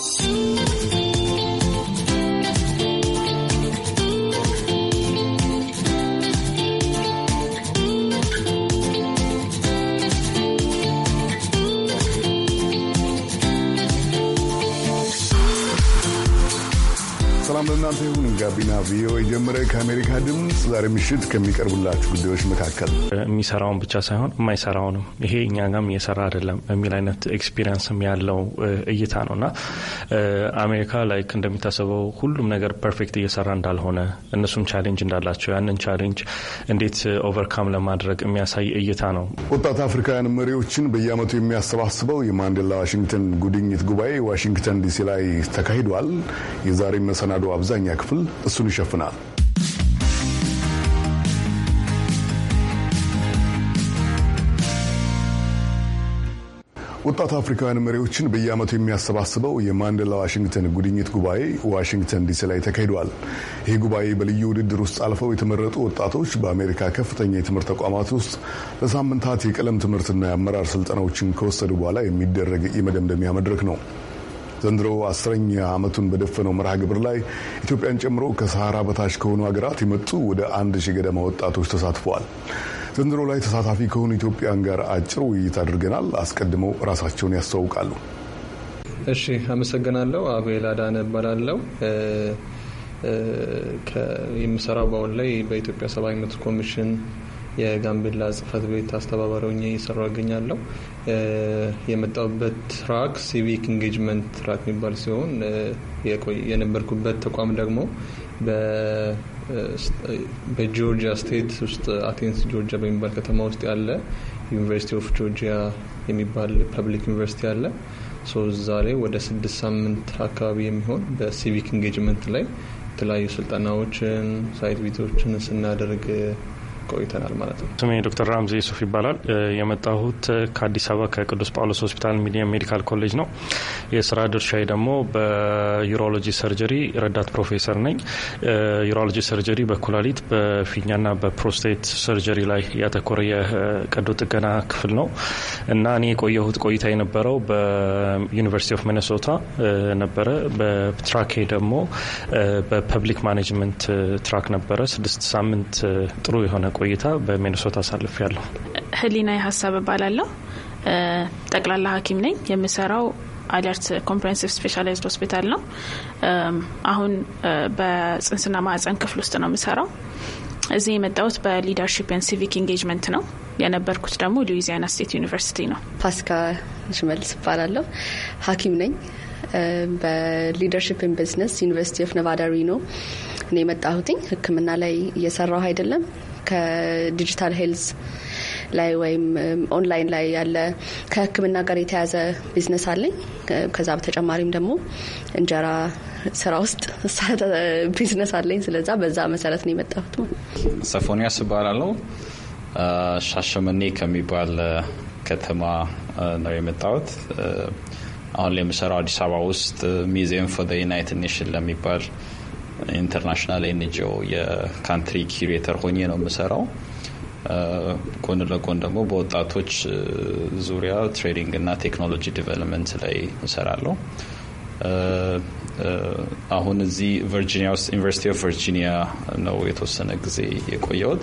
心。እናንተ ይሁን። ጋቢና ቪኦኤ ጀመረ። ከአሜሪካ ድምፅ ዛሬ ምሽት ከሚቀርቡላችሁ ጉዳዮች መካከል የሚሰራውን ብቻ ሳይሆን የማይሰራውንም ይሄ እኛ ጋም እየሰራ አይደለም የሚል አይነት ኤክስፒሪየንስም ያለው እይታ ነው እና አሜሪካ ላይክ እንደሚታሰበው ሁሉም ነገር ፐርፌክት እየሰራ እንዳልሆነ እነሱም ቻሌንጅ እንዳላቸው ያንን ቻሌንጅ እንዴት ኦቨርካም ለማድረግ የሚያሳይ እይታ ነው። ወጣት አፍሪካውያን መሪዎችን በየዓመቱ የሚያሰባስበው የማንዴላ ዋሽንግተን ጉድኝት ጉባኤ ዋሽንግተን ዲሲ ላይ ተካሂዷል። የዛሬ መሰናዶ አብዛኛ ክፍል እሱን ይሸፍናል። ወጣት አፍሪካውያን መሪዎችን በየዓመቱ የሚያሰባስበው የማንዴላ ዋሽንግተን ጉድኝት ጉባኤ ዋሽንግተን ዲሲ ላይ ተካሂዷል። ይህ ጉባኤ በልዩ ውድድር ውስጥ አልፈው የተመረጡ ወጣቶች በአሜሪካ ከፍተኛ የትምህርት ተቋማት ውስጥ ለሳምንታት የቀለም ትምህርትና የአመራር ስልጠናዎችን ከወሰዱ በኋላ የሚደረግ የመደምደሚያ መድረክ ነው። ዘንድሮ አስረኛ ዓመቱን በደፈነው መርሃ ግብር ላይ ኢትዮጵያን ጨምሮ ከሰሃራ በታች ከሆኑ ሀገራት የመጡ ወደ አንድ ሺህ ገደማ ወጣቶች ተሳትፈዋል። ዘንድሮ ላይ ተሳታፊ ከሆኑ ኢትዮጵያን ጋር አጭር ውይይት አድርገናል። አስቀድመው ራሳቸውን ያስተዋውቃሉ። እሺ፣ አመሰግናለሁ። አቤል አዳነ እባላለሁ። የምሰራው በአሁን ላይ በኢትዮጵያ ሰብአዊ መብት ኮሚሽን የጋምቤላ ጽህፈት ቤት አስተባባሪ ሆኜ እየሰራሁ እገኛለሁ። የመጣሁበት ትራክ ሲቪክ ኢንጌጅመንት ትራክ የሚባል ሲሆን የነበርኩበት ተቋም ደግሞ በጆርጂያ ስቴት ውስጥ አቴንስ ጆርጂያ በሚባል ከተማ ውስጥ ያለ ዩኒቨርሲቲ ኦፍ ጆርጂያ የሚባል ፐብሊክ ዩኒቨርሲቲ አለ። እዛ ላይ ወደ ስድስት ሳምንት አካባቢ የሚሆን በሲቪክ ኢንጌጅመንት ላይ የተለያዩ ስልጠናዎችን ሳይት ቪዚቶችን ስናደርግ ቆይተናል ማለት ነው። ስሜ ዶክተር ራምዚ ሱፍ ይባላል። የመጣሁት ከአዲስ አበባ ከቅዱስ ጳውሎስ ሆስፒታል ሚሊኒየም ሜዲካል ኮሌጅ ነው። የስራ ድርሻዬ ደግሞ በዩሮሎጂ ሰርጀሪ ረዳት ፕሮፌሰር ነኝ። ዩሮሎጂ ሰርጀሪ በኩላሊት በፊኛና በፕሮስቴት ሰርጀሪ ላይ ያተኮረ የቀዶ ጥገና ክፍል ነው እና እኔ የቆየሁት ቆይታ የነበረው በዩኒቨርሲቲ ኦፍ ሚነሶታ ነበረ። በትራኬ ደግሞ በፐብሊክ ማኔጅመንት ትራክ ነበረ። ስድስት ሳምንት ጥሩ የሆነ ቆይታ በሚኒሶታ አሳልፍ ያለሁ። ህሊና የሀሳብ እባላለሁ። ጠቅላላ ሐኪም ነኝ። የምሰራው አለርት ኮምፕሬንሲቭ ስፔሻላይዝድ ሆስፒታል ነው። አሁን በጽንስና ማዕፀን ክፍል ውስጥ ነው የምሰራው። እዚህ የመጣሁት በሊደርሺፕ ን ሲቪክ ኢንጌጅመንት ነው። የነበርኩት ደግሞ ሉዊዚያና ስቴት ዩኒቨርሲቲ ነው። ፓስካ ሽመልስ እባላለሁ። ሐኪም ነኝ። በሊደርሽፕ ን ቢዝነስ ዩኒቨርሲቲ ኦፍ ነቫዳ ሪኖ ነው የመጣሁትኝ። ህክምና ላይ እየሰራሁ አይደለም ከዲጂታል ሄልዝ ላይ ወይም ኦንላይን ላይ ያለ ከሕክምና ጋር የተያዘ ቢዝነስ አለኝ። ከዛ በተጨማሪም ደግሞ እንጀራ ስራ ውስጥ ቢዝነስ አለኝ። ስለዛ በዛ መሰረት ነው የመጣሁት። ሰፎኒያስ እባላለሁ። ሻሸመኔ ከሚባል ከተማ ነው የመጣሁት። አሁን ላይ የምሰራው አዲስ አበባ ውስጥ ሚዚየም ፎር ዩናይትድ ኔሽን ለሚባል ኢንተርናሽናል ኤንጂኦ የካንትሪ ኪሬተር ሆኜ ነው የምሰራው። ጎን ለጎን ደግሞ በወጣቶች ዙሪያ ትሬዲንግ እና ቴክኖሎጂ ዲቨሎፕመንት ላይ እሰራለሁ። አሁን እዚህ ቨርጂኒያ ውስጥ ዩኒቨርሲቲ ኦፍ ቨርጂኒያ ነው የተወሰነ ጊዜ የቆየሁት።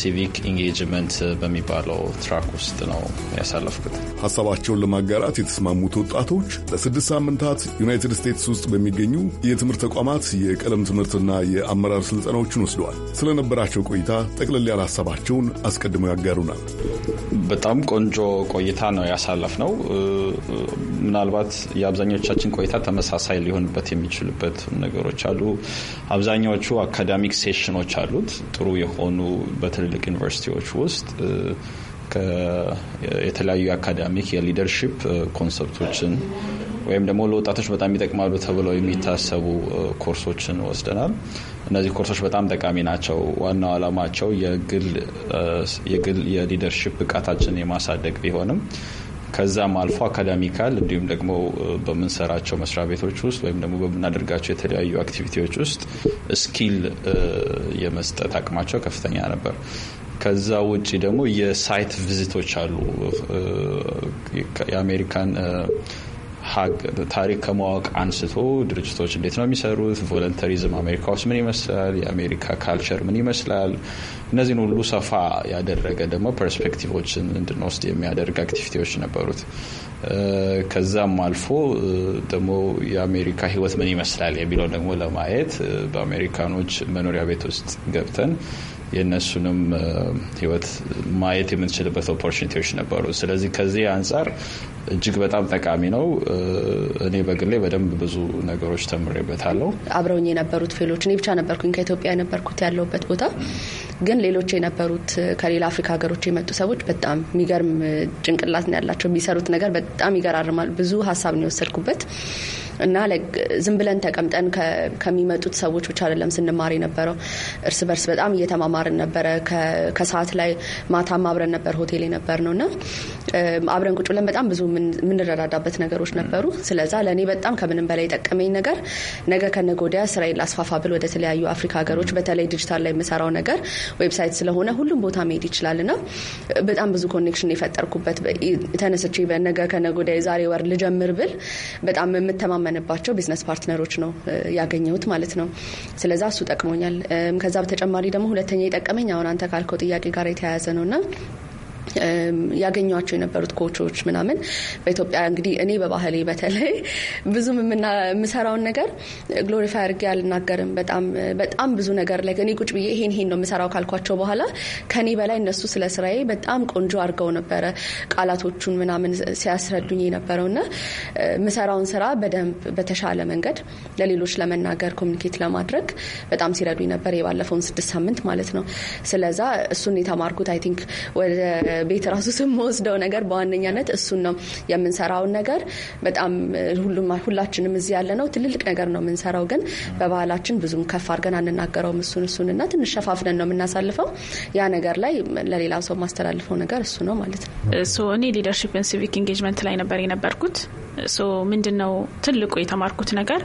ሲቪክ ኢንጌጅመንት በሚባለው ትራክ ውስጥ ነው ያሳለፍኩት። ሀሳባቸውን ለማጋራት የተስማሙት ወጣቶች ለስድስት ሳምንታት ዩናይትድ ስቴትስ ውስጥ በሚገኙ የትምህርት ተቋማት የቀለም ትምህርትና የአመራር ስልጠናዎችን ወስደዋል። ስለነበራቸው ቆይታ ጠቅለል ያለ ሀሳባቸውን አስቀድመው ያጋሩናል። በጣም ቆንጆ ቆይታ ነው ያሳለፍ ነው። ምናልባት የአብዛኞቻችን ቆይታ ተመሳሳይ ሊሆንበት የሚችልበት ነገሮች አሉ። አብዛኛዎቹ አካዳሚክ ሴሽኖች አሉት ጥሩ የሆኑ በተ ትልልቅ ዩኒቨርሲቲዎች ውስጥ የተለያዩ አካዳሚክ የሊደርሽፕ ኮንሰፕቶችን ወይም ደግሞ ለወጣቶች በጣም ይጠቅማሉ ተብለው የሚታሰቡ ኮርሶችን ወስደናል። እነዚህ ኮርሶች በጣም ጠቃሚ ናቸው። ዋናው ዓላማቸው የግል የሊደርሽፕ ብቃታችን የማሳደግ ቢሆንም ከዛም አልፎ አካዳሚካል እንዲሁም ደግሞ በምንሰራቸው መስሪያ ቤቶች ውስጥ ወይም ደግሞ በምናደርጋቸው የተለያዩ አክቲቪቲዎች ውስጥ ስኪል የመስጠት አቅማቸው ከፍተኛ ነበር። ከዛ ውጭ ደግሞ የሳይት ቪዚቶች አሉ። የአሜሪካን ታሪክ ከማወቅ አንስቶ ድርጅቶች እንዴት ነው የሚሰሩት፣ ቮለንተሪዝም አሜሪካ ውስጥ ምን ይመስላል፣ የአሜሪካ ካልቸር ምን ይመስላል፣ እነዚህን ሁሉ ሰፋ ያደረገ ደግሞ ፐርስፔክቲቮችን እንድንወስድ የሚያደርግ አክቲቪቲዎች ነበሩት። ከዛም አልፎ ደግሞ የአሜሪካ ህይወት ምን ይመስላል የሚለው ደግሞ ለማየት በአሜሪካኖች መኖሪያ ቤት ውስጥ ገብተን የእነሱንም ህይወት ማየት የምንችልበት ኦፖርቹኒቲዎች ነበሩ። ስለዚህ ከዚህ አንጻር እጅግ በጣም ጠቃሚ ነው። እኔ በግሌ በደንብ ብዙ ነገሮች ተምሬበታለሁ። አብረውኝ የነበሩት ፌሎች እኔ ብቻ ነበርኩኝ ከኢትዮጵያ የነበርኩት ያለሁበት ቦታ ግን ሌሎች የነበሩት ከሌላ አፍሪካ ሀገሮች የመጡ ሰዎች በጣም የሚገርም ጭንቅላት ነው ያላቸው። የሚሰሩት ነገር በጣም ይገራርማል። ብዙ ሀሳብ ነው የወሰድኩበት። እና ዝም ብለን ተቀምጠን ከሚመጡት ሰዎች ብቻ አይደለም ስንማር የነበረው እርስ በርስ በጣም እየተማማርን ነበረ። ከሰዓት ላይ ማታም አብረን ነበር ሆቴል የነበር ነው እና አብረን ቁጭ ብለን በጣም ብዙ የምንረዳዳበት ነገሮች ነበሩ። ስለዛ ለእኔ በጣም ከምንም በላይ የጠቀመኝ ነገር ነገ ከነገ ወዲያ ስራዬን ላስፋፋ ብል ወደ ተለያዩ አፍሪካ ሀገሮች በተለይ ዲጂታል ላይ የምሰራው ነገር ዌብሳይት ስለሆነ ሁሉም ቦታ መሄድ ይችላል እና በጣም ብዙ ኮኔክሽን የፈጠርኩበት ተነስቼ በነገ ከነገ ወዲያ የዛሬ ወር ልጀምር ብል በጣም የምተማ በማመንባቸው ቢዝነስ ፓርትነሮች ነው ያገኘሁት ማለት ነው። ስለዛ እሱ ጠቅሞኛል። ከዛ በተጨማሪ ደግሞ ሁለተኛ የጠቀመኝ አሁን አንተ ካልከው ጥያቄ ጋር የተያያዘ ነውና ያገኟቸው የነበሩት ኮቾች ምናምን በኢትዮጵያ እንግዲህ እኔ በባህሌ በተለይ ብዙም የምሰራውን ነገር ግሎሪፋይ አድርጌ አልናገርም። በጣም ብዙ ነገር ላይ እኔ ቁጭ ብዬ ይሄን ይሄን ነው የምሰራው ካልኳቸው በኋላ ከኔ በላይ እነሱ ስለ ስራዬ በጣም ቆንጆ አድርገው ነበረ ቃላቶቹን ምናምን ሲያስረዱኝ የነበረው እና የምሰራውን ስራ በደንብ በተሻለ መንገድ ለሌሎች ለመናገር ኮሚኒኬት ለማድረግ በጣም ሲረዱኝ ነበር። የባለፈውን ስድስት ሳምንት ማለት ነው። ስለዛ እሱን የተማርኩት አይ ቲንክ ወደ ቤት ራሱ ስመወስደው ነገር በዋነኛነት እሱን ነው የምንሰራውን ነገር በጣም ሁላችንም እዚህ ያለ ነው ትልልቅ ነገር ነው የምንሰራው፣ ግን በባህላችን ብዙም ከፍ አድርገን አንናገረውም። እሱን እሱን እና ትንሽ ሸፋፍነን ነው የምናሳልፈው። ያ ነገር ላይ ለሌላ ሰው የማስተላልፈው ነገር እሱ ነው ማለት ነው። እኔ ሊደርሽፕን ሲቪክ ኢንጌጅመንት ላይ ነበር የነበርኩት። ምንድን ነው ትልቁ የተማርኩት ነገር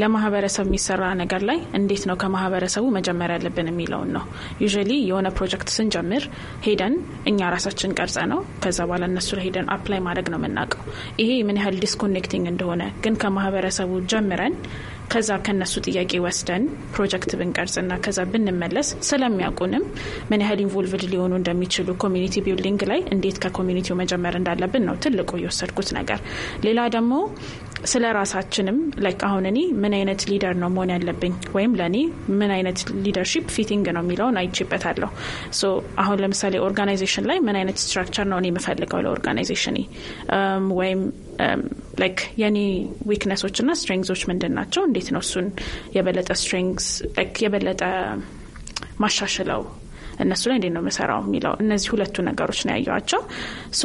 ለማህበረሰብ የሚሰራ ነገር ላይ እንዴት ነው ከማህበረሰቡ መጀመር ያለብን የሚለውን ነው። ዩዥያሊ የሆነ ፕሮጀክት ስንጀምር ሄደን እኛ ራሳችን ቀርጸ ነው ከዛ በኋላ እነሱ ላይ ሄደን አፕላይ ማድረግ ነው የምናውቀው። ይሄ ምን ያህል ዲስኮኔክቲንግ እንደሆነ ግን ከማህበረሰቡ ጀምረን ከዛ ከነሱ ጥያቄ ወስደን ፕሮጀክት ብንቀርጽና ከዛ ብንመለስ ስለሚያውቁንም ምን ያህል ኢንቮልቭድ ሊሆኑ እንደሚችሉ ኮሚኒቲ ቢልዲንግ ላይ እንዴት ከኮሚኒቲው መጀመር እንዳለብን ነው ትልቁ የወሰድኩት ነገር። ሌላ ደግሞ ስለ ራሳችንም ላይክ አሁን እኔ ምን አይነት ሊደር ነው መሆን ያለብኝ ወይም ለእኔ ምን አይነት ሊደርሺፕ ፊቲንግ ነው የሚለውን አይችበታለሁ። ሶ አሁን ለምሳሌ ኦርጋናይዜሽን ላይ ምን አይነት ስትራክቸር ነው እኔ የምፈልገው ለኦርጋናይዜሽን ወይም ላይክ um, የኔ ዊክነሶች ና ስትሬንግዞች ምንድን ናቸው? እንዴት ነው እሱን የበለጠ ስትሬንግዝ ላይክ የበለጠ ማሻሽለው እነሱ ላይ እንዴት ነው መሰራው የሚለው እነዚህ ሁለቱ ነገሮች ነው ያየዋቸው። ሶ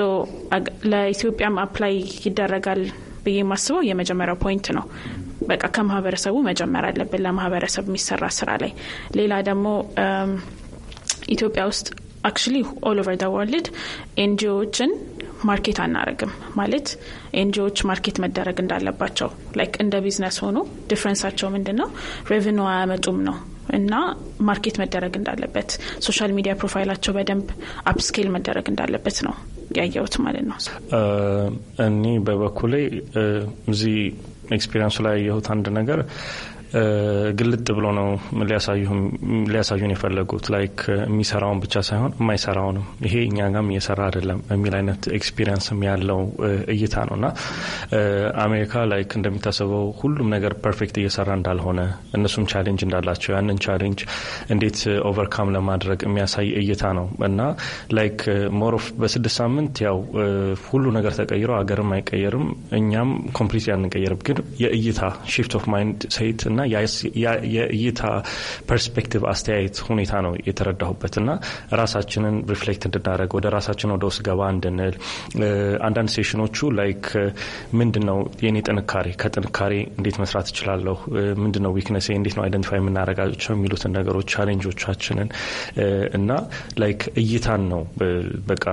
ለኢትዮጵያም አፕላይ ይደረጋል ብዬ የማስበው የመጀመሪያው ፖይንት ነው። በቃ ከማህበረሰቡ መጀመር አለብን ለማህበረሰብ የሚሰራ ስራ ላይ። ሌላ ደግሞ um, ኢትዮጵያ ውስጥ አክ ኦል ኦቨር ወርልድ ኤንጂኦዎችን ማርኬት አናረግም ማለት ኤንጂዎች ማርኬት መደረግ እንዳለባቸው ላይክ እንደ ቢዝነስ ሆኖ ዲፍረንሳቸው ምንድን ነው? ሬቨኑ አያመጡም ነው እና ማርኬት መደረግ እንዳለበት ሶሻል ሚዲያ ፕሮፋይላቸው በደንብ አፕስኬል መደረግ እንዳለበት ነው ያየሁት ማለት ነው። እኔ በበኩሌ እዚህ ኤክስፔሪንሱ ላይ ያየሁት አንድ ነገር ግልጥ ብሎ ነው ሊያሳዩን የፈለጉት ላይክ የሚሰራውን ብቻ ሳይሆን የማይሰራውንም ይሄ እኛ ጋም እየሰራ አይደለም የሚል አይነት ኤክስፒሪንስም ያለው እይታ ነው እና አሜሪካ ላይክ እንደሚታሰበው ሁሉም ነገር ፐርፌክት እየሰራ እንዳልሆነ እነሱም ቻሌንጅ እንዳላቸው ያንን ቻሌንጅ እንዴት ኦቨርካም ለማድረግ የሚያሳይ እይታ ነው እና ላይክ ሞሮፍ በስድስት ሳምንት ያው ሁሉ ነገር ተቀይሮ ሀገርም አይቀየርም እኛም ኮምፕሊት አንቀየርም ግን የእይታ ሺፍት ኦፍ ማይንድ ሴት እና የእይታ ፐርስፔክቲቭ አስተያየት ሁኔታ ነው የተረዳሁበት እና ራሳችንን ሪፍሌክት እንድናደረግ ወደ ራሳችን ወደ ውስጥ ገባ እንድንል አንዳንድ ሴሽኖቹ ላይክ ምንድን ነው የኔ ጥንካሬ ከጥንካሬ እንዴት መስራት እችላለሁ፣ ምንድን ነው ዊክነሴ፣ እንዴት ነው አይደንቲፋይ የምናረጋቸው የሚሉትን ነገሮች ቻሌንጆቻችንን እና ላይክ እይታን ነው በቃ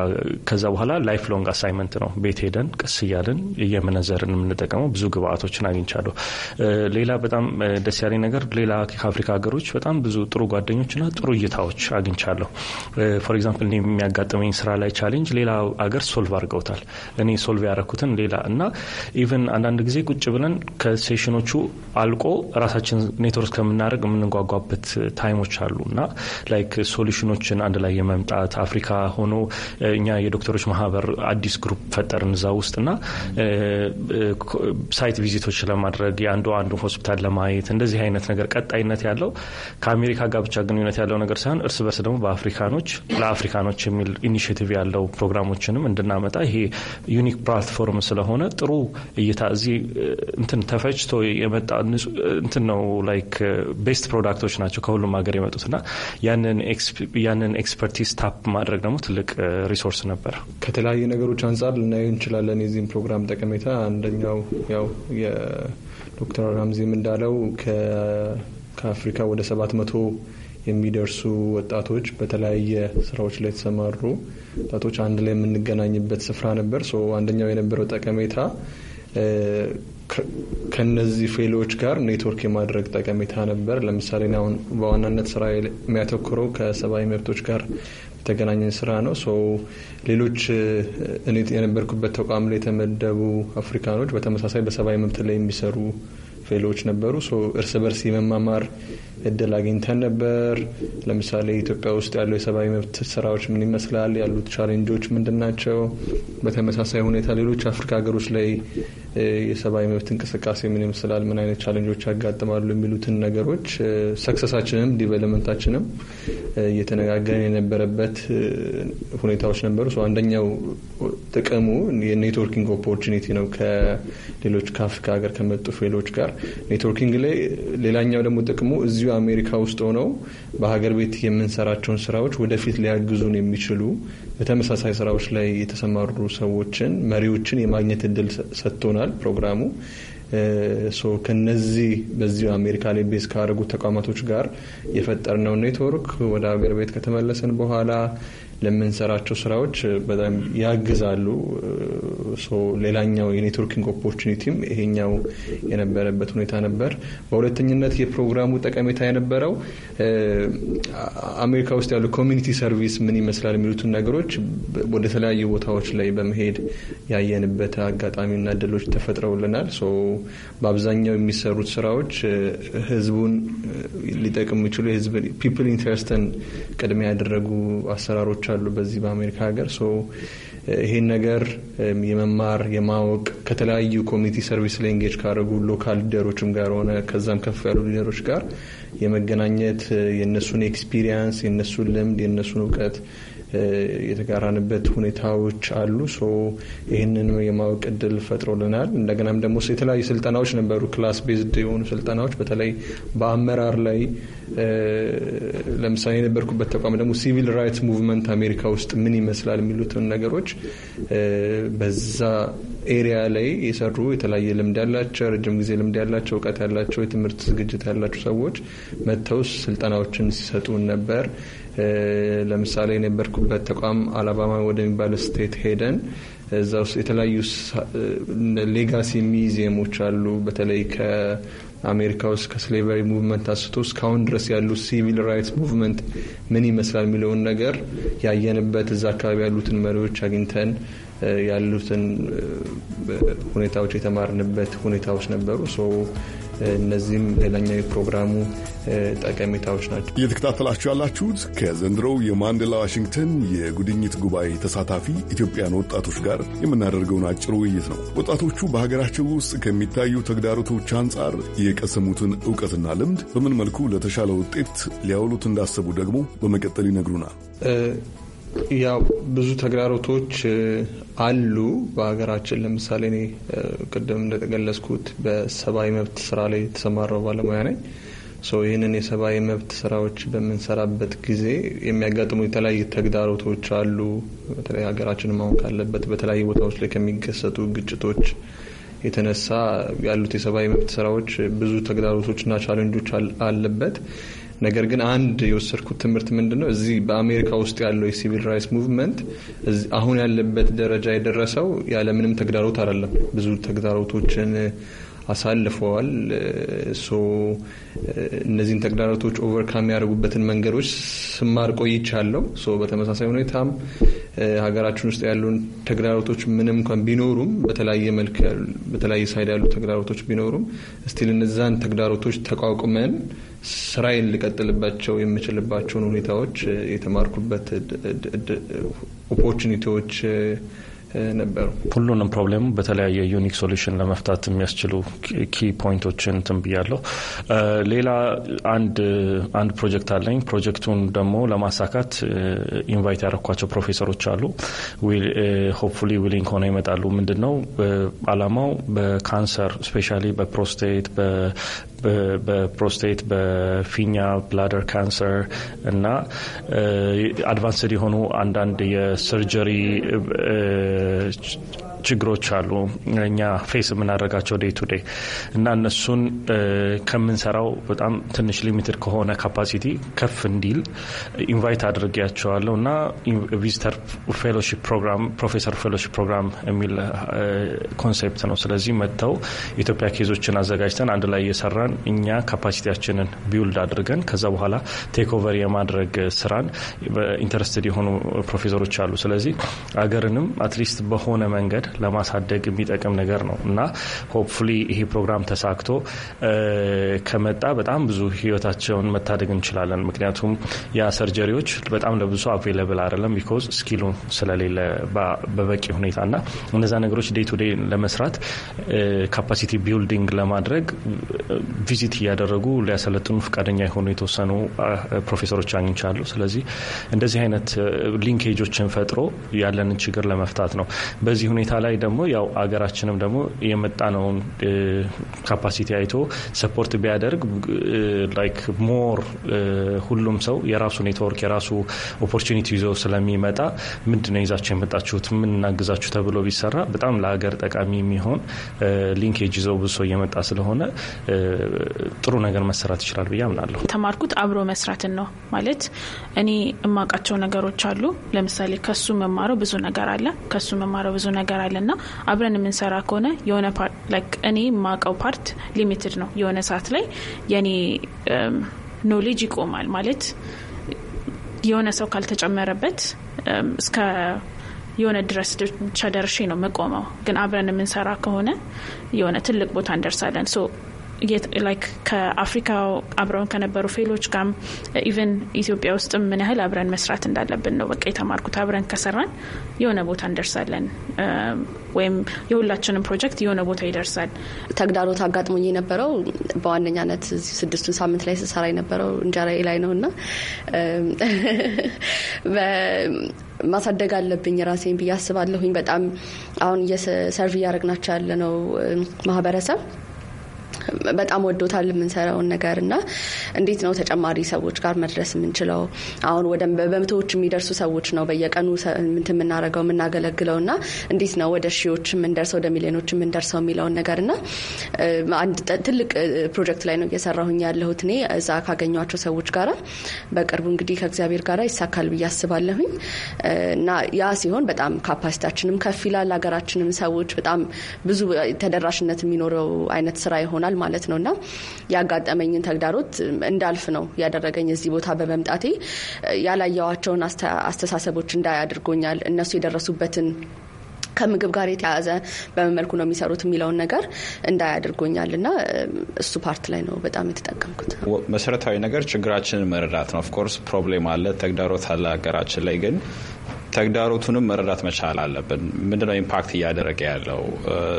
ከዛ በኋላ ላይፍ ሎንግ አሳይመንት ነው ቤት ሄደን ቀስ እያለን እየመነዘርን የምንጠቀመው ብዙ ግብአቶችን አግኝቻለሁ። ሌላ በጣም ደስ ያለኝ ነገር ሌላ ከአፍሪካ ሀገሮች በጣም ብዙ ጥሩ ጓደኞችና ጥሩ እይታዎች አግኝቻለሁ። ፎር ኤግዛምፕል እኔ የሚያጋጥመኝ ስራ ላይ ቻሌንጅ ሌላ አገር ሶልቭ አድርገውታል። እኔ ሶልቭ ያረኩትን ሌላ እና ኢቨን አንዳንድ ጊዜ ቁጭ ብለን ከሴሽኖቹ አልቆ ራሳችን ኔትወርክ ከምናደርግ የምንጓጓበት ታይሞች አሉ እና ላይክ ሶሉሽኖችን አንድ ላይ የመምጣት አፍሪካ ሆኖ እኛ የዶክተሮች ማህበር አዲስ ግሩፕ ፈጠርን እዛ ውስጥ እና ሳይት ቪዚቶች ለማድረግ የአንዱ አንዱ ሆስፒታል ለማየት ግንኙነት እንደዚህ አይነት ነገር ቀጣይነት ያለው ከአሜሪካ ጋር ብቻ ግንኙነት ያለው ነገር ሳይሆን እርስ በርስ ደግሞ በአፍሪካኖች ለአፍሪካኖች የሚል ኢኒሽቲቭ ያለው ፕሮግራሞችንም እንድናመጣ ይሄ ዩኒክ ፕላትፎርም ስለሆነ ጥሩ እይታ እዚህ እንትን ተፈጭቶ የመጣ እንትን ነው ላይክ ቤስት ፕሮዳክቶች ናቸው ከሁሉም ሀገር የመጡትና ያንን ኤክስፐርቲዝ ታፕ ማድረግ ደግሞ ትልቅ ሪሶርስ ነበር። ከተለያዩ ነገሮች አንጻር ልናየው እንችላለን የዚህም ፕሮግራም ጠቀሜታ አንደኛው ያው ዶክተር ራምዚም እንዳለው ከአፍሪካ ወደ ሰባት መቶ የሚደርሱ ወጣቶች በተለያየ ስራዎች ላይ የተሰማሩ ወጣቶች አንድ ላይ የምንገናኝበት ስፍራ ነበር። አንደኛው የነበረው ጠቀሜታ ከነዚህ ፌሎዎች ጋር ኔትወርክ የማድረግ ጠቀሜታ ነበር። ለምሳሌ አሁን በዋናነት ስራ የሚያተኩረው ከሰብአዊ መብቶች ጋር የተገናኘን ስራ ነው። ሌሎች እኔ የነበርኩበት ተቋም ላይ የተመደቡ አፍሪካኖች በተመሳሳይ በሰብአዊ መብት ላይ የሚሰሩ ፌሎዎች ነበሩ። እርስ በርስ የመማማር እድል አግኝተን ነበር። ለምሳሌ ኢትዮጵያ ውስጥ ያለው የሰብአዊ መብት ስራዎች ምን ይመስላል? ያሉት ቻሌንጆች ምንድን ናቸው? በተመሳሳይ ሁኔታ ሌሎች አፍሪካ ሀገሮች ላይ የሰብአዊ መብት እንቅስቃሴ ምን ይመስላል፣ ምን አይነት ቻለንጆች ያጋጥማሉ የሚሉትን ነገሮች ሰክሰሳችንም ዲቨሎመንታችንም እየተነጋገርን የነበረበት ሁኔታዎች ነበሩ። አንደኛው ጥቅሙ የኔትወርኪንግ ኦፖርቹኒቲ ነው። ከሌሎች ከአፍሪካ ሀገር ከመጡ ሌሎች ጋር ኔትወርኪንግ ላይ። ሌላኛው ደግሞ ጥቅሙ እዚሁ አሜሪካ ውስጥ ሆነው በሀገር ቤት የምንሰራቸውን ስራዎች ወደፊት ሊያግዙን የሚችሉ በተመሳሳይ ስራዎች ላይ የተሰማሩ ሰዎችን መሪዎችን የማግኘት እድል ሰጥቶናል። ይባላል ፕሮግራሙ። ከነዚህ በዚሁ አሜሪካ ላይ ቤዝ ካደረጉ ተቋማቶች ጋር የፈጠርነው ኔትወርክ ወደ ሀገር ቤት ከተመለሰን በኋላ ለምንሰራቸው ስራዎች በጣም ያግዛሉ። ሌላኛው የኔትወርኪንግ ኦፖርቹኒቲም ይሄኛው የነበረበት ሁኔታ ነበር። በሁለተኝነት የፕሮግራሙ ጠቀሜታ የነበረው አሜሪካ ውስጥ ያሉ ኮሚኒቲ ሰርቪስ ምን ይመስላል የሚሉትን ነገሮች ወደ ተለያዩ ቦታዎች ላይ በመሄድ ያየንበት አጋጣሚና እድሎች ተፈጥረውልናል። በአብዛኛው የሚሰሩት ስራዎች ህዝቡን ሊጠቅም የሚችሉ ፒፕል ኢንተረስትን ቅድሚያ ያደረጉ አሰራሮች ልጆች አሉ በዚህ በአሜሪካ ሀገር ይሄን ነገር የመማር የማወቅ ከተለያዩ ኮሚኒቲ ሰርቪስ ላይ ኤንጌጅ ካደረጉ ሎካል ሊደሮችም ጋር ሆነ ከዛም ከፍ ያሉ ሊደሮች ጋር የመገናኘት የእነሱን ኤክስፒሪየንስ የእነሱን ልምድ የእነሱን እውቀት የተጋራንበት ሁኔታዎች አሉ። ይህንን የማወቅ እድል ፈጥሮልናል። እንደገናም ደግሞ የተለያዩ ስልጠናዎች ነበሩ፣ ክላስ ቤዝድ የሆኑ ስልጠናዎች በተለይ በአመራር ላይ ለምሳሌ የነበርኩበት ተቋም ደግሞ ሲቪል ራይትስ ሙቭመንት አሜሪካ ውስጥ ምን ይመስላል የሚሉትን ነገሮች በዛ ኤሪያ ላይ የሰሩ የተለያየ ልምድ ያላቸው ረጅም ጊዜ ልምድ ያላቸው እውቀት ያላቸው የትምህርት ዝግጅት ያላቸው ሰዎች መጥተው ስልጠናዎችን ሲሰጡን ነበር። ለምሳሌ የነበርኩበት ተቋም አላባማ ወደሚባል ስቴት ሄደን እዛ ውስጥ የተለያዩ ሌጋሲ ሚዚየሞች አሉ። በተለይ ከአሜሪካ ውስጥ ከስሌቨሪ ሙቭመንት አንስቶ እስካሁን ድረስ ያሉ ሲቪል ራይትስ ሙቭመንት ምን ይመስላል የሚለውን ነገር ያየንበት እዛ አካባቢ ያሉትን መሪዎች አግኝተን ያሉትን ሁኔታዎች የተማርንበት ሁኔታዎች ነበሩ። እነዚህም ሌላኛው የፕሮግራሙ ጠቀሜታዎች ናቸው። እየተከታተላችሁ ያላችሁት ከዘንድሮው የማንዴላ ዋሽንግተን የጉድኝት ጉባኤ ተሳታፊ ኢትዮጵያን ወጣቶች ጋር የምናደርገውን አጭር ውይይት ነው። ወጣቶቹ በሀገራቸው ውስጥ ከሚታዩ ተግዳሮቶች አንጻር የቀሰሙትን እውቀትና ልምድ በምን መልኩ ለተሻለ ውጤት ሊያውሉት እንዳሰቡ ደግሞ በመቀጠል ይነግሩናል። ያው ብዙ ተግዳሮቶች አሉ በሀገራችን። ለምሳሌ እኔ ቅድም እንደተገለጽኩት በሰብአዊ መብት ስራ ላይ የተሰማራው ባለሙያ ነኝ። ይህንን የሰብአዊ መብት ስራዎች በምንሰራበት ጊዜ የሚያጋጥሙ የተለያዩ ተግዳሮቶች አሉ። በተለይ ሀገራችን ማወቅ ካለበት በተለያዩ ቦታዎች ላይ ከሚከሰቱ ግጭቶች የተነሳ ያሉት የሰብአዊ መብት ስራዎች ብዙ ተግዳሮቶችና ቻለንጆች አለበት። ነገር ግን አንድ የወሰድኩት ትምህርት ምንድን ነው እዚህ በአሜሪካ ውስጥ ያለው የሲቪል ራይትስ ሙቭመንት አሁን ያለበት ደረጃ የደረሰው ያለምንም ተግዳሮት አይደለም። ብዙ ተግዳሮቶችን አሳልፈዋል። ሶ እነዚህን ተግዳሮቶች ኦቨርካም ያደርጉበትን መንገዶች ስማር ቆይቻለሁ። ሶ በተመሳሳይ ሁኔታም ሀገራችን ውስጥ ያሉን ተግዳሮቶች ምንም እንኳን ቢኖሩም በተለያየ መልክ በተለያየ ሳይድ ያሉ ተግዳሮቶች ቢኖሩም እስቲል እነዛን ተግዳሮቶች ተቋቁመን ስራዬን ልቀጥልባቸው የምችልባቸውን ሁኔታዎች የተማርኩበት ኦፖርቹኒቲዎች ነበሩ። ሁሉንም ፕሮብሌሙ በተለያየ ዩኒክ ሶሉሽን ለመፍታት የሚያስችሉ ኪ ፖይንቶችን ትንብያለሁ። ሌላ አንድ ፕሮጀክት አለኝ። ፕሮጀክቱን ደግሞ ለማሳካት ኢንቫይት ያደረኳቸው ፕሮፌሰሮች አሉ። ሆፕፉሊ ዊሊንግ ሆነው ይመጣሉ። ምንድን ነው አላማው በካንሰር ስፔሻሊ በፕሮስቴት በፕሮስቴት፣ በፊኛ፣ ብላደር ካንሰር እና አድቫንስድ የሆኑ አንዳንድ የሰርጀሪ ችግሮች አሉ እኛ ፌስ የምናደርጋቸው ዴይ ቱ ዴይ እና እነሱን ከምንሰራው በጣም ትንሽ ሊሚትድ ከሆነ ካፓሲቲ ከፍ እንዲል ኢንቫይት አድርጌያቸዋለሁ እና ቪዚተር ፌሎሺፕ ፕሮግራም ፕሮፌሰር ፌሎሺፕ ፕሮግራም የሚል ኮንሴፕት ነው። ስለዚህ መጥተው ኢትዮጵያ ኬዞችን አዘጋጅተን አንድ ላይ እየሰራን እኛ ካፓሲቲያችንን ቢውልድ አድርገን ከዛ በኋላ ቴክ ኦቨር የማድረግ ስራን ኢንተረስትድ የሆኑ ፕሮፌሰሮች አሉ። ስለዚህ አገርንም አትሊስት በሆነ መንገድ ለማሳደግ የሚጠቅም ነገር ነው እና ሆፕፉሊ ይሄ ፕሮግራም ተሳክቶ ከመጣ በጣም ብዙ ህይወታቸውን መታደግ እንችላለን። ምክንያቱም ያ ሰርጀሪዎች በጣም ለብዙ አቬለብል አይደለም ቢኮዝ ስኪሉ ስለሌለ በበቂ ሁኔታ እና እነዛ ነገሮች ዴይ ቱ ዴይ ለመስራት ካፓሲቲ ቢልዲንግ ለማድረግ ቪዚት እያደረጉ ሊያሰለጥኑ ፈቃደኛ የሆኑ የተወሰኑ ፕሮፌሰሮች አግኝቻሉ። ስለዚህ እንደዚህ አይነት ሊንኬጆችን ፈጥሮ ያለንን ችግር ለመፍታት ነው በዚህ ሁኔታ በላይ ደግሞ ያው አገራችንም ደግሞ የመጣነውን ካፓሲቲ አይቶ ሰፖርት ቢያደርግ ላይክ ሞር ሁሉም ሰው የራሱ ኔትወርክ የራሱ ኦፖርቹኒቲ ይዞ ስለሚመጣ ምንድነው ይዛቸው የመጣችሁት ምናግዛችሁ ተብሎ ቢሰራ በጣም ለሀገር ጠቃሚ የሚሆን ሊንኬጅ ይዘው ብዙ ሰው እየመጣ ስለሆነ ጥሩ ነገር መሰራት ይችላል ብዬ አምናለሁ። ተማርኩት አብሮ መስራትን ነው ማለት እኔ እማውቃቸው ነገሮች አሉ። ለምሳሌ ከሱ መማረው ብዙ ነገር አለ ከሱ መማረው ብዙ ነገር አለ ና አብረን የምንሰራ ከሆነ የሆነ እኔ የማውቀው ፓርት ሊሚትድ ነው። የሆነ ሰዓት ላይ የኔ ኖሌጅ um, ይቆማል ማለት የሆነ ሰው ካልተጨመረበት um, እስከ የሆነ ድረስ ብቻ ደርሼ ነው የምቆመው። ግን አብረን የምንሰራ ከሆነ የሆነ ትልቅ ቦታ እንደርሳለን። ከአፍሪካ አብረውን ከነበሩ ፌሎች ጋር ኢቨን ኢትዮጵያ ውስጥም ምን ያህል አብረን መስራት እንዳለብን ነው በቃ የተማርኩት። አብረን ከሰራን የሆነ ቦታ እንደርሳለን፣ ወይም የሁላችንም ፕሮጀክት የሆነ ቦታ ይደርሳል። ተግዳሮት አጋጥሞኝ የነበረው በዋነኛነት ስድስቱን ሳምንት ላይ ስሰራ የነበረው እንጀራ ላይ ነው እና ማሳደግ አለብኝ ራሴን ብዬ አስባለሁኝ። በጣም አሁን ሰርቭ እያደረግናቸው ያለ ነው ማህበረሰብ በጣም ወዶታል የምንሰራውን ነገር እና እንዴት ነው ተጨማሪ ሰዎች ጋር መድረስ የምንችለው? አሁን ወደ በመቶዎች የሚደርሱ ሰዎች ነው በየቀኑ ምንት የምናደርገው የምናገለግለው እና እንዴት ነው ወደ ሺዎች የምንደርሰው ወደ ሚሊዮኖች የምንደርሰው የሚለውን ነገር እና አንድ ትልቅ ፕሮጀክት ላይ ነው እየሰራሁኝ ያለሁት እኔ እዛ ካገኟቸው ሰዎች ጋራ በቅርቡ እንግዲህ ከእግዚአብሔር ጋራ ይሳካል ብዬ አስባለሁኝ እና ያ ሲሆን በጣም ካፓሲታችንም ከፍ ይላል። ሀገራችንም ሰዎች በጣም ብዙ ተደራሽነት የሚኖረው አይነት ስራ ይሆናል። ይሆናል ማለት ነው እና ያጋጠመኝን ተግዳሮት እንዳልፍ ነው ያደረገኝ። እዚህ ቦታ በመምጣቴ ያላየዋቸውን አስተሳሰቦች እንዳይ አድርጎኛል። እነሱ የደረሱበትን ከምግብ ጋር የተያያዘ በመመልኩ ነው የሚሰሩት የሚለውን ነገር እንዳይ አድርጎኛል እና እሱ ፓርት ላይ ነው በጣም የተጠቀምኩት። መሰረታዊ ነገር ችግራችንን መረዳት ነው። ኦፍኮርስ ፕሮብሌም አለ፣ ተግዳሮት አለ ሀገራችን ላይ ግን ተግዳሮቱንም መረዳት መቻል አለብን። ምንድነው ኢምፓክት እያደረገ ያለው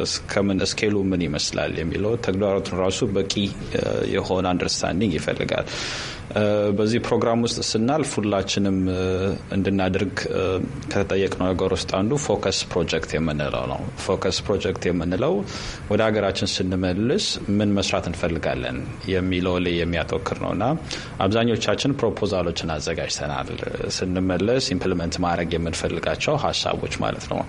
እስከምን እስኬሉ ምን ይመስላል የሚለው ተግዳሮቱን ራሱ በቂ የሆነ አንደርስታንዲንግ ይፈልጋል። በዚህ ፕሮግራም ውስጥ ስናልፍ ሁላችንም እንድናደርግ ከተጠየቅነው ነገር ውስጥ አንዱ ፎከስ ፕሮጀክት የምንለው ነው። ፎከስ ፕሮጀክት የምንለው ወደ ሀገራችን ስንመልስ ምን መስራት እንፈልጋለን የሚለው ላይ የሚያተወክር ነው እና አብዛኞቻችን ፕሮፖዛሎችን አዘጋጅተናል። ስንመለስ ኢምፕሊመንት ማድረግ የምንፈልጋቸው ሀሳቦች ማለት ነው።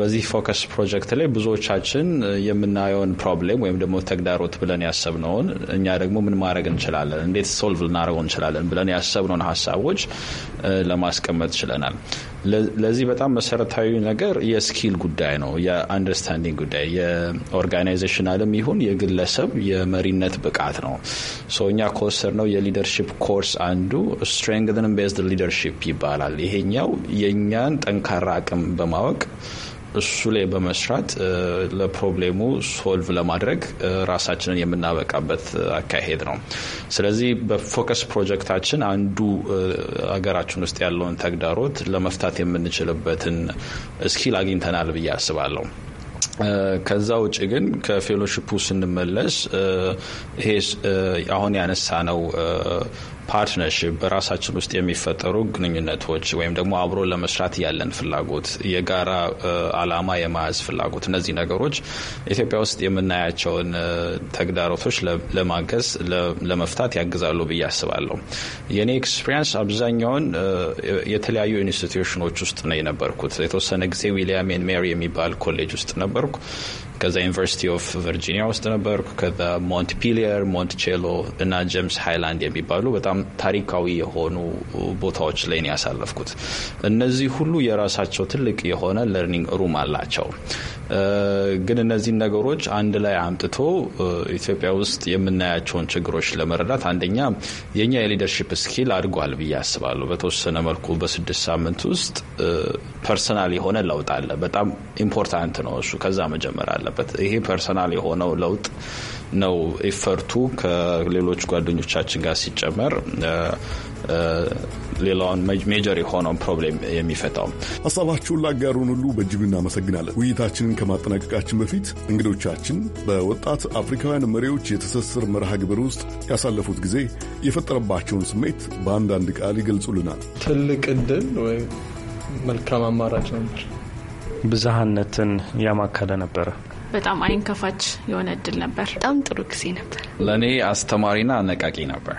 በዚህ ፎከስ ፕሮጀክት ላይ ብዙዎቻችን የምናየውን ፕሮብሌም ወይም ደግሞ ተግዳሮት ብለን ያሰብነውን እኛ ደግሞ ምን ማድረግ እንችላለን እንዴት ሶል ሶልቭ ልናደርገው እንችላለን ብለን ያሰብነውን ሀሳቦች ለማስቀመጥ ችለናል። ለዚህ በጣም መሰረታዊ ነገር የስኪል ጉዳይ ነው፣ የአንደርስታንዲንግ ጉዳይ የኦርጋናይዜሽናልም ይሁን የግለሰብ የመሪነት ብቃት ነው። እኛ ነው የሊደርሽፕ ኮርስ አንዱ ስትሬንግዝን ቤዝድ ሊደርሽፕ ይባላል። ይሄኛው የእኛን ጠንካራ አቅም በማወቅ እሱ ላይ በመስራት ለፕሮብሌሙ ሶልቭ ለማድረግ ራሳችንን የምናበቃበት አካሄድ ነው። ስለዚህ በፎከስ ፕሮጀክታችን አንዱ ሀገራችን ውስጥ ያለውን ተግዳሮት ለመፍታት የምንችልበትን እስኪል አግኝተናል ብዬ አስባለሁ። ከዛ ውጭ ግን ከፌሎሽፑ ስንመለስ ይሄ አሁን ያነሳ ነው ፓርትነርሽፕ በራሳችን ውስጥ የሚፈጠሩ ግንኙነቶች ወይም ደግሞ አብሮ ለመስራት ያለን ፍላጎት፣ የጋራ አላማ የመያዝ ፍላጎት፣ እነዚህ ነገሮች ኢትዮጵያ ውስጥ የምናያቸውን ተግዳሮቶች ለማገዝ ለመፍታት ያግዛሉ ብዬ አስባለሁ። የኔ ኤክስፒሪንስ አብዛኛውን የተለያዩ ኢንስቲትዩሽኖች ውስጥ ነው የነበርኩት። የተወሰነ ጊዜ ዊሊያም ኤንድ ሜሪ የሚባል ኮሌጅ ውስጥ ነበርኩ። ከዛ ዩኒቨርሲቲ ኦፍ ቨርጂኒያ ውስጥ ነበርኩ። ከዛ ሞንትፒሊየር፣ ሞንትቼሎ እና ጀምስ ሃይላንድ የሚባሉ በጣም ታሪካዊ የሆኑ ቦታዎች ላይ ነው ያሳለፍኩት። እነዚህ ሁሉ የራሳቸው ትልቅ የሆነ ለርኒንግ ሩም አላቸው። ግን እነዚህን ነገሮች አንድ ላይ አምጥቶ ኢትዮጵያ ውስጥ የምናያቸውን ችግሮች ለመረዳት አንደኛ የኛ የሊደርሽፕ ስኪል አድጓል ብዬ አስባለሁ። በተወሰነ መልኩ በስድስት ሳምንት ውስጥ ፐርሰናል የሆነ ለውጥ አለ። በጣም ኢምፖርታንት ነው እሱ። ከዛ መጀመር አለበት። ይሄ ፐርሰናል የሆነው ለውጥ ነው። ኢፈርቱ ከሌሎች ጓደኞቻችን ጋር ሲጨመር ሌላውን ሜጀር የሆነውን ፕሮብሌም የሚፈታው። ሀሳባችሁን ላጋሩን ሁሉ በእጅጉ እናመሰግናለን። ውይይታችንን ከማጠናቀቃችን በፊት እንግዶቻችን በወጣት አፍሪካውያን መሪዎች የትስስር መርሃ ግብር ውስጥ ያሳለፉት ጊዜ የፈጠረባቸውን ስሜት በአንዳንድ ቃል ይገልጹልናል። ትልቅ እድል ወይም መልካም አማራጭ ነበር። ብዝሃነትን ያማከለ ነበረ። በጣም አይን ከፋች የሆነ እድል ነበር። በጣም ጥሩ ጊዜ ነበር። ለእኔ አስተማሪና አነቃቂ ነበር።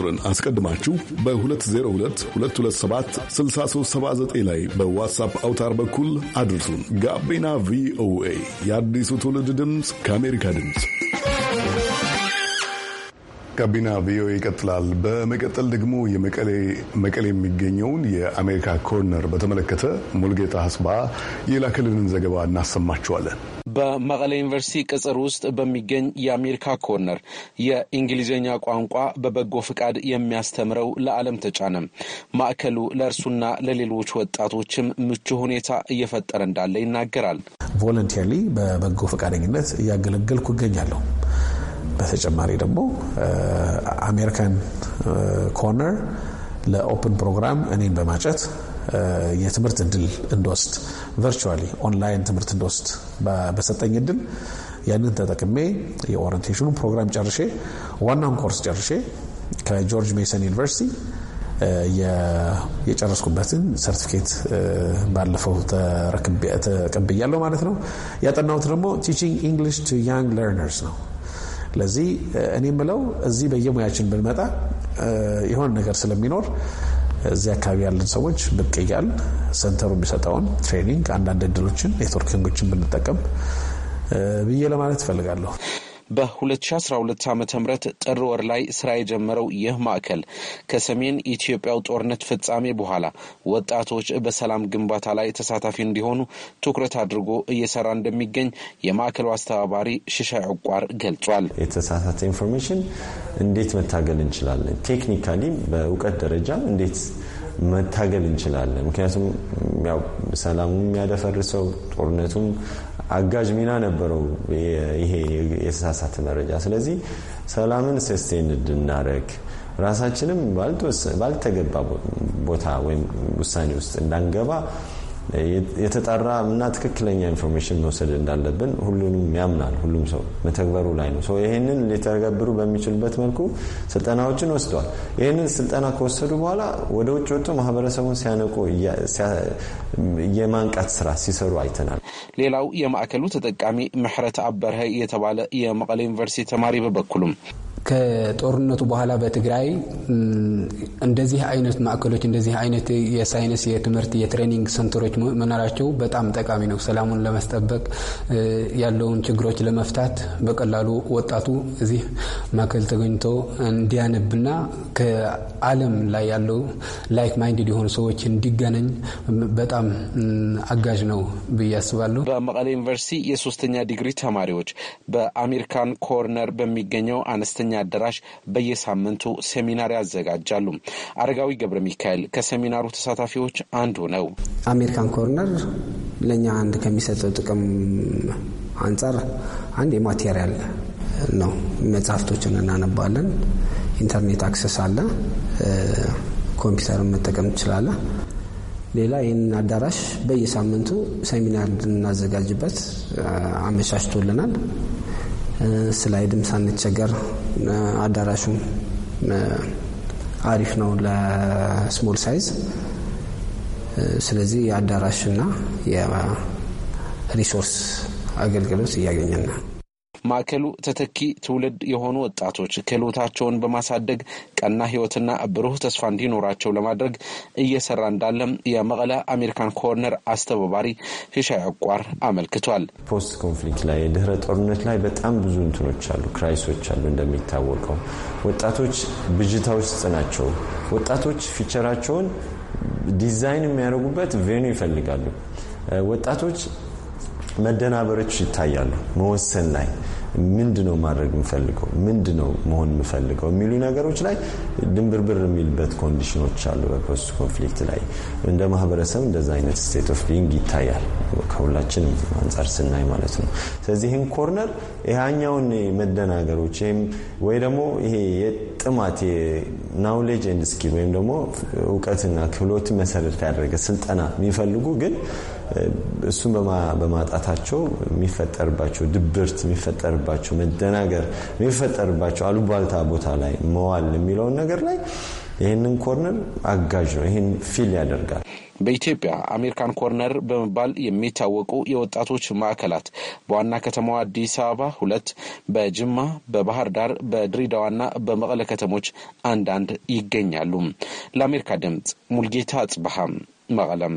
ቁጥርን አስቀድማችሁ በ 6379 ላይ በዋትሳፕ አውታር በኩል አድርሱን። ጋቢና ቪኦኤ የአዲሱ ትውልድ ድምፅ ከአሜሪካ ድምፅ ጋቢና ቪኦኤ ይቀጥላል። በመቀጠል ደግሞ መቀሌ የሚገኘውን የአሜሪካ ኮርነር በተመለከተ ሙልጌታ አስባ የላከልንን ዘገባ እናሰማችኋለን። በመቀለ ዩኒቨርሲቲ ቅጽር ውስጥ በሚገኝ የአሜሪካ ኮርነር የእንግሊዝኛ ቋንቋ በበጎ ፍቃድ የሚያስተምረው ለዓለም ተጫነም ማዕከሉ ለእርሱና ለሌሎች ወጣቶችም ምቹ ሁኔታ እየፈጠረ እንዳለ ይናገራል። ቮለንቲርሊ በበጎ ፈቃደኝነት እያገለገልኩ እገኛለሁ። በተጨማሪ ደግሞ አሜሪካን ኮርነር ለኦፕን ፕሮግራም እኔን በማጨት የትምህርት እድል እንድወስድ ቨርቹዋሊ ኦንላይን ትምህርት እንድወስድ በሰጠኝ እድል ያንን ተጠቅሜ የኦሪንቴሽኑ ፕሮግራም ጨርሼ ዋናውን ኮርስ ጨርሼ ከጆርጅ ሜሰን ዩኒቨርሲቲ የጨረስኩበትን ሰርቲፊኬት ባለፈው ተቀብያለሁ ማለት ነው። ያጠናሁት ደግሞ ቲቺንግ ኢንግሊሽ ቱ ያንግ ለርነርስ ነው። ለዚህ እኔ ብለው እዚህ በየሙያችን ብንመጣ የሆነ ነገር ስለሚኖር እዚህ አካባቢ ያለን ሰዎች ብቅ እያል ሴንተሩ የሚሰጠውን ትሬኒንግ አንዳንድ እድሎችን ኔትወርኪንጎችን ብንጠቀም ብዬ ለማለት እፈልጋለሁ። በ2012 ዓ ም ጥር ወር ላይ ስራ የጀመረው ይህ ማዕከል ከሰሜን ኢትዮጵያው ጦርነት ፍጻሜ በኋላ ወጣቶች በሰላም ግንባታ ላይ ተሳታፊ እንዲሆኑ ትኩረት አድርጎ እየሰራ እንደሚገኝ የማዕከሉ አስተባባሪ ሽሻ ዕቋር ገልጿል። የተሳሳተ ኢንፎርሜሽን እንዴት መታገል እንችላለን? ቴክኒካሊ በእውቀት ደረጃ እንዴት መታገል እንችላለን? ምክንያቱም ሰላሙ የሚያደፈርሰው ጦርነቱም አጋዥ ሚና ነበረው ይሄ የተሳሳተ መረጃ። ስለዚህ ሰላምን ሰስቴን እንድናረግ ራሳችንም ባልተገባ ቦታ ወይም ውሳኔ ውስጥ እንዳንገባ የተጠራ እና ትክክለኛ ኢንፎርሜሽን መውሰድ እንዳለብን ሁሉንም ያምናል። ሁሉም ሰው መተግበሩ ላይ ነው። ይህንን ሊተገብሩ በሚችሉበት መልኩ ስልጠናዎችን ወስደዋል። ይህንን ስልጠና ከወሰዱ በኋላ ወደ ውጭ ወጥቶ ማህበረሰቡን ሲያነቁ የማንቃት ስራ ሲሰሩ አይተናል። ሌላው የማዕከሉ ተጠቃሚ ምሕረት አበርሀ የተባለ የመቀሌ ዩኒቨርሲቲ ተማሪ በበኩሉም ከጦርነቱ በኋላ በትግራይ እንደዚህ አይነት ማዕከሎች እንደዚህ አይነት የሳይንስ የትምህርት የትሬኒንግ ሰንተሮች መኖራቸው በጣም ጠቃሚ ነው። ሰላሙን ለመስጠበቅ ያለውን ችግሮች ለመፍታት በቀላሉ ወጣቱ እዚህ ማዕከል ተገኝቶ እንዲያነብና ከዓለም ላይ ያለው ላይክ ማይንድድ የሆኑ ሰዎች እንዲገናኝ በጣም አጋዥ ነው ብዬ አስባለሁ። በመቀሌ ዩኒቨርሲቲ የሶስተኛ ዲግሪ ተማሪዎች በአሜሪካን ኮርነር በሚገኘው አነስተኛ አዳራሽ በየሳምንቱ ሴሚናር ያዘጋጃሉ። አረጋዊ ገብረ ሚካኤል ከሴሚናሩ ተሳታፊዎች አንዱ ነው። አሜሪካን ኮርነር ለእኛ አንድ ከሚሰጠው ጥቅም አንጻር አንድ የማቴሪያል ነው። መጽሐፍቶችን እናነባለን። ኢንተርኔት አክሰስ አለ። ኮምፒውተርን መጠቀም ትችላለ። ሌላ ይህንን አዳራሽ በየሳምንቱ ሴሚናር እንድናዘጋጅበት አመቻችቶልናል። ስላይድም ሳንቸገር አዳራሹም አሪፍ ነው ለስሞል ሳይዝ። ስለዚህ የአዳራሽና የሪሶርስ አገልግሎት እያገኘን ነው። ማዕከሉ ተተኪ ትውልድ የሆኑ ወጣቶች ክህሎታቸውን በማሳደግ ቀና ህይወትና ብሩህ ተስፋ እንዲኖራቸው ለማድረግ እየሰራ እንዳለም የመቀለ አሜሪካን ኮርነር አስተባባሪ ሂሻይ አቋር አመልክቷል። ፖስት ኮንፍሊክት ላይ የድህረ ጦርነት ላይ በጣም ብዙ እንትኖች አሉ፣ ክራይሶች አሉ። እንደሚታወቀው ወጣቶች ብዥታ ውስጥ ናቸው። ወጣቶች ፊቸራቸውን ዲዛይን የሚያደርጉበት ቬኑ ይፈልጋሉ። ወጣቶች መደናበሮች ይታያሉ። መወሰን ላይ ምንድ ነው ማድረግ የምፈልገው ምንድ ነው መሆን የምፈልገው የሚሉ ነገሮች ላይ ድንብርብር የሚልበት ኮንዲሽኖች አሉ። በፖስት ኮንፍሊክት ላይ እንደ ማህበረሰብ እንደዛ አይነት ስቴት ኦፍ ቢንግ ይታያል፣ ከሁላችንም አንጻር ስናይ ማለት ነው። ስለዚህ ይህን ኮርነር ያኛውን መደናገሮች ወይ ደግሞ ይሄ የጥማት ናውሌጅ ኤንድ ስኪል ወይም ደግሞ እውቀትና ክህሎት መሰረት ያደረገ ስልጠና የሚፈልጉ ግን እሱን በማጣታቸው የሚፈጠርባቸው ድብርት የሚፈጠርባቸው መደናገር የሚፈጠርባቸው አሉባልታ ቦታ ላይ መዋል የሚለውን ነገር ላይ ይህንን ኮርነር አጋዥ ነው። ይህን ፊል ያደርጋል። በኢትዮጵያ አሜሪካን ኮርነር በመባል የሚታወቁ የወጣቶች ማዕከላት በዋና ከተማዋ አዲስ አበባ ሁለት፣ በጅማ፣ በባህር ዳር፣ በድሬዳዋና በመቀለ ከተሞች አንዳንድ ይገኛሉ። ለአሜሪካ ድምፅ ሙልጌታ አጽበሃም መቀለም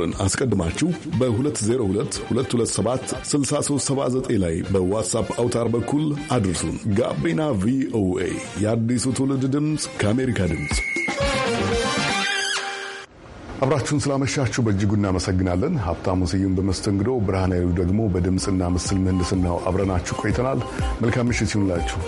ቁጥርን አስቀድማችሁ በ2022276379 ላይ በዋትሳፕ አውታር በኩል አድርሱን። ጋቢና ቪኦኤ የአዲሱ ትውልድ ድምፅ ከአሜሪካ ድምፅ። አብራችሁን ስላመሻችሁ በእጅጉ እናመሰግናለን። ሀብታሙ ስዩም በመስተንግዶ ብርሃናዊ ደግሞ በድምፅና ምስል ምህንድስናው አብረናችሁ ቆይተናል። መልካም ምሽት ይሁንላችሁ።